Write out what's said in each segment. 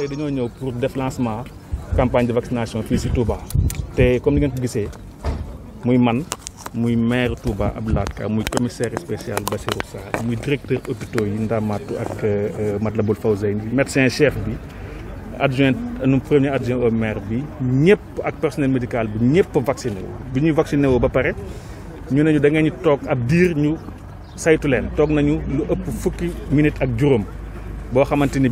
tey dañoo ñëw pour def lancement campagne de vaccination fii si Touba te comme ni ngeen ko gisee muy man muy maire Touba Abdoulaye Ka muy commissaire spécial Bassirou Sarr muy directeur hôpitaux yi Ndamatou ak euh, euh, Matlaboul Fawzeyni médecin chef bi adjoint nu premier adjoint au maire bi ñëpp ak personnel médical bi ñëpp vacciné wu bi ñuy vacciné woo ba pare ñu ne ñu da ngeen toog ab diir ñu saytu leen toog nañu lu ëpp fukki minutes ak juróom boo xamante ni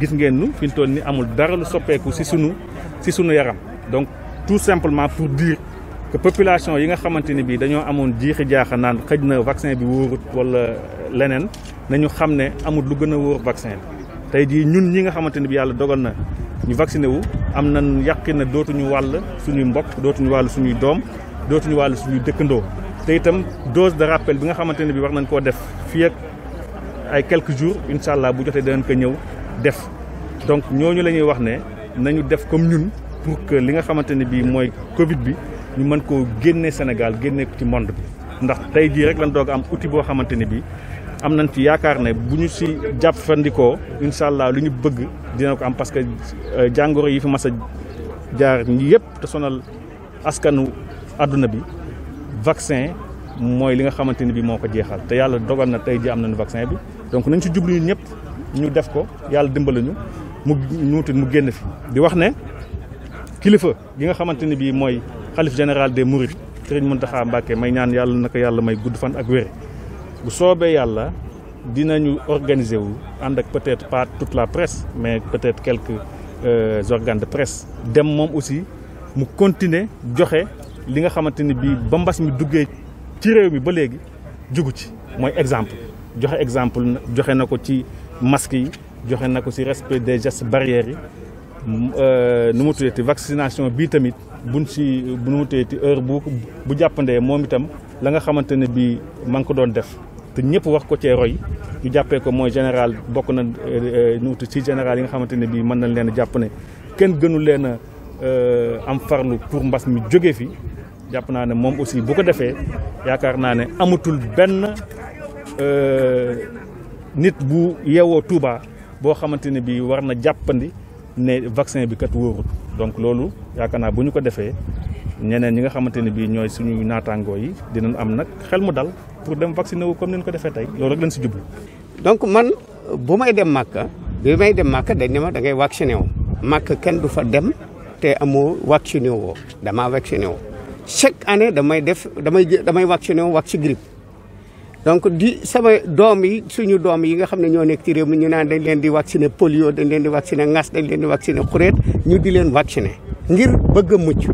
gis ngeen nu fi ñu toll ni amul dara lu soppeeku si sunu si sunu yaram donc tout simplement pour dire que population yi nga xamante ni bii dañoo amoon jiixi jaaxa naan xëj na vaccin bi wóorut wala leneen nañu xam ne amul lu gën a wóor vaccin bi tey jii ñun ñi nga xamante ni bi yàlla dogal na ñu vacciné wu am nañ yàqi na dootuñu wàll suñuy mbokk dootuñu wàll suñuy doom dootuñu wàll suñuy dëkkandoo te itam dose de rappel bi nga xamante ne bi war nañ koo def fii ay quelques jour incha allah bu jotee danañ ko ñëw def donc ñooñu la ñuy wax ne nañu def comme ñun pour que li nga xamante ne bii mooy Covid bi ñu mën koo génne Sénégal génne ko ci monde bi. ndax tey jii rek lañ doog am outil boo xamante ne bii am nañ ci yaakaar ne bu ñu si jàppandikoo incha allah lu ñu bëgg dina ko am parce que euh, jàngoro yi fi masa a jaar yëpp te sonal askanu àdduna bi vaccin. mooy li nga xamante ni bii moo ko jeexal te yàlla dogal na tey ji am nañu vaccin bi donc nañ si jublu ñun ñëpp ñu def ko yàlla dimbali ñu mu ñuuti mu génn fi di wax ne kilifa gi nga xamante ni bii mooy xalif général des mourides Sëriñ Mountakha Mbacké may ñaan yàlla na ko gudd fan ak wér soobee yàlla dinañu organiser wu ànd ak peut-être pas toute la presse mais peut-être quelques euh, organes de presse dem moom aussi mu continuer joxe li nga xamante ni bii ba mbas mi duggee ci réew mi ba léegi jugu ci mooy exemple joxe exemple joxe na ko ci masque yi joxe na ko ci respect des gestes barrières yi euh, nu mu tuddati vaccination bii tamit buñ ci nu mu tuddati heure bu bu jàppandee moom itam la nga xamante ne bii maa ngi ko doon def te ñëpp wax ko cee roy ñu jàppee ko mooy général bokk na euh, nu ci général yi nga xamante ne bii mën nañ leen a jàpp ne kenn gënu leen a euh, am farlu pour mbas mi jóge fi jàpp naa ne moom aussi bu ko defee yaakaar naa ne amatul benn Euh, nit bu yeewoo Touba boo xamante ne bii war na jàppandi ne vaccin bi kat wóorul donc loolu yaakaar naa bu ñu ko defee ñeneen ñi nga xamante ne bii ñooy suñu naataangoo yi dinañ am nag xel mu dal pour dem vacciner wu comme ni nu ko defee tey loolu rek lañ si jublu. donc man bu may dem Màkka bi may dem Màkka dañ ne ma da ngay vacciné wu. Màkka kenn du fa dem te amoo vacciné woo damaa vacciné wu chaque année damay def damay damay vacciné wu wax ci donc di sama doom yi suñu doom yi nga xam ne ñoo nekk ci réew mi ñu naan dañ leen di vacciner polio dañ leen di vacciner ngas dañ leen di vacciner xureet ñu di leen ne ngir bëgg a mucc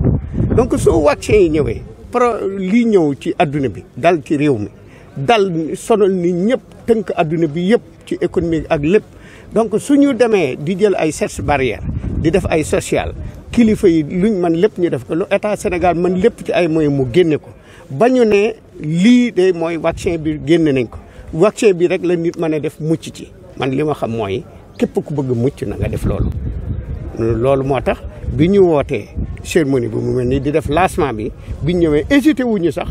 donc soo vaccin ñëwee pro lii ñëw ci adduna bi dal ci réew mi dal sonal ni ñëpp tënk adduna bi yëpp ci économique ak lépp donc suñu demee di jël ay gestes barrières di def ay social kilifa yi luñ man lépp ñu def ko lu état Sénégal man lépp ci ay mooy mu génne ko ba ñu ne lii de mooy vaccin bi génn nañ ko vaccin bi rek la nit mën a def mucc ci man li ma xam mooy képp ku bëgg mucc na def loolu. loolu moo tax bi ñu wootee cérémonie bi mu mel nii di def lancement bi bi ñëwee hésité wuñu sax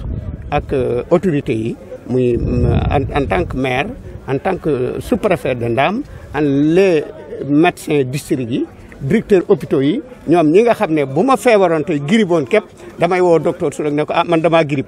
ak euh, autorité yi muy euh, en tant que maire en tant que sous-préfet de Ndam en les médecins district directeur hôpitaux yi ñoom ñi nga xam ne bu ma feebaroon tey giriboon képp damay woo docteur su ne ko ah man damaa girib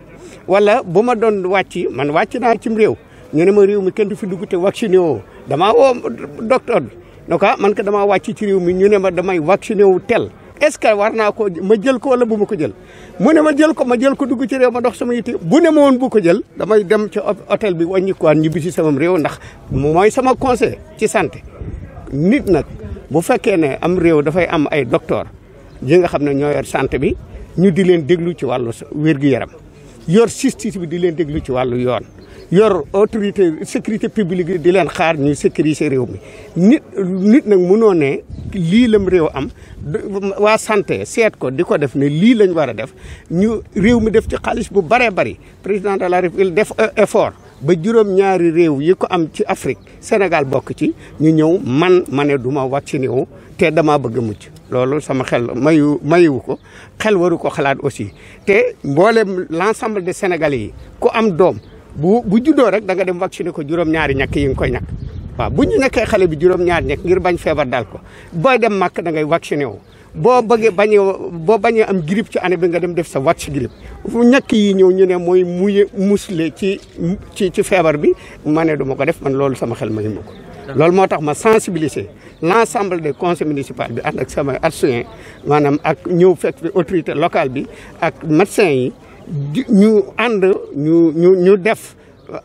wala bu ma doon wàcc man wàcc naa cim réew ñu ne ma réew mi kenn du fi dugg te vacciné woo damaa woo docteur bi ne ko ah man ko damaa wàcc ci réew mi ñu ne ma damay vacciné wu tel est-ce que war naa ko ma jël ko wala bu ma ko jël mu ne ma jël ko ma jël ko dugg ci réew ma dox sama yitte bu ne ma woon bu ko jël damay dem ci hôtel bi wàññi ko ñibbi si sama réew ndax mooy sama conseil ci santé nit nag bu fekkee ne am réew dafay am ay docteur yi nga xam ne ñoo yor bi ñu di leen déglu ci wàllu wér-gu-yaram yor justice bi di leen déglu ci wàllu yoon yor autorité sécurité publique yi di leen xaar ñuy sécuriser réew mi nit nit nag mënoo lii lam réew am waa santé seet ko di ko def ne lii lañ war a def ñu réew mi def ci xaalis bu baree bari président de la def e-, effort ba juróom-ñaari réew yi ko am ci Afrique Sénégal bokk ci ñu ñëw man ma ne du ma vacciné wu te dama bëgg a mucc loolu sama xel mayu mayiwu ko xel waru ko xalaat aussi te mboolem l' ensemble des Sénégalais yi ku am doom bu bu juddoo rek da nga dem vacciné ko juróom-ñaari ñàkk yi koy ñàkk. waaw bu ñu nekkee xale bi juróom-ñaar nekk ngir bañ feebar dal ko boo dem màkk da ngay vacciné wu. boo bëggee bañ boo bañee am girip ci année bi nga dem def sa vaccin grippe ñàkk yi ñëw ñu ne mooy muye musle ci ci ci feebar bi ma ne du ko def man loolu sama xel mayu ma ko loolu moo tax ma sensibiliser l' de des conseils municipaux bi ànd ak sama adjoint maanaam ak ñëw fekk fi autorité locale bi ak médecin yi ñu ànd ñu ñu ñu def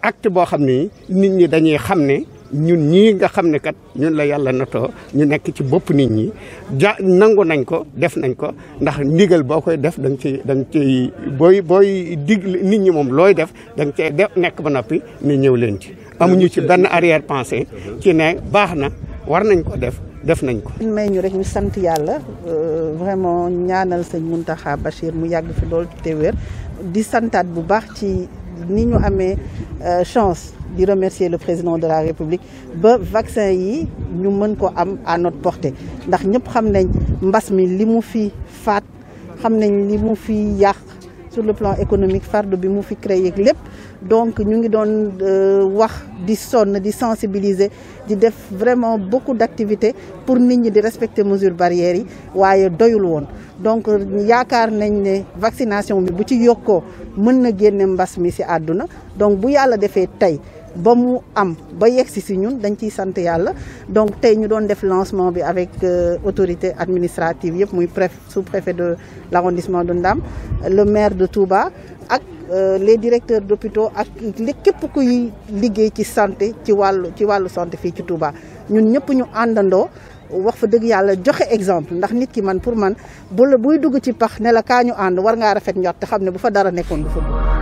acte boo xam ne nit ñi dañuy xam ne ñun ñii nga xam ne kat ñun la yàlla natoo ñu nekk ci bopp nit ñi ja nangu nañ ko def nañ ko ndax ndigal boo koy def da nga ciy da nga booy booy dig nit ñi moom looy def da nga cay def nekk ba noppi ne ñëw leen ci. amuñu ci benn arrière pensée ci ne baax na war nañ ko def def nañ ko. may ñu rek ñu sant yàlla euh, vraiment ñaanal sëñ Mountakha Bachir mu yàgg fi lool te wér di santaat bu baax ci ni ñu amee euh, chance. di remercier le président de la République ba vaccin yi ñu mën ko am à notre portée ndax ñëpp xam nañ mbas mi li mu fi faat xam nañ li mu fi yàq sur le plan économique farde bi mu fi créé lépp donc ñu ngi doon euh, wax di sonn di sensibiliser di def vraiment beaucoup d'activités pour nit ñi di respecter mesures barrières yi waaye doyul woon donc yaakaar nañ ne vaccination bi bu ci yokkoo mën na génne mbas mi si àdduna donc bu yàlla defee tey ba mu am ba yegsi si ñun dañ ciy sant yàlla donc tey ñu doon def lancement bi avec euh, autorité administrative yëpp muy préf sous préfet de l' de Ndam le maire de Touba ak euh, le directeur d' hôpitaux ak képp kuy liggéey ci santé ci wàllu ci wàllu santé fii ci Touba ñun ñëpp ñu àndandoo wax fa dëgg yàlla joxe exemple ndax nit ki man pour man bu buy dugg ci pax ne la kaa ñu ànd war ngaa rafet njort te xam ne bu fa dara nekkoon du fa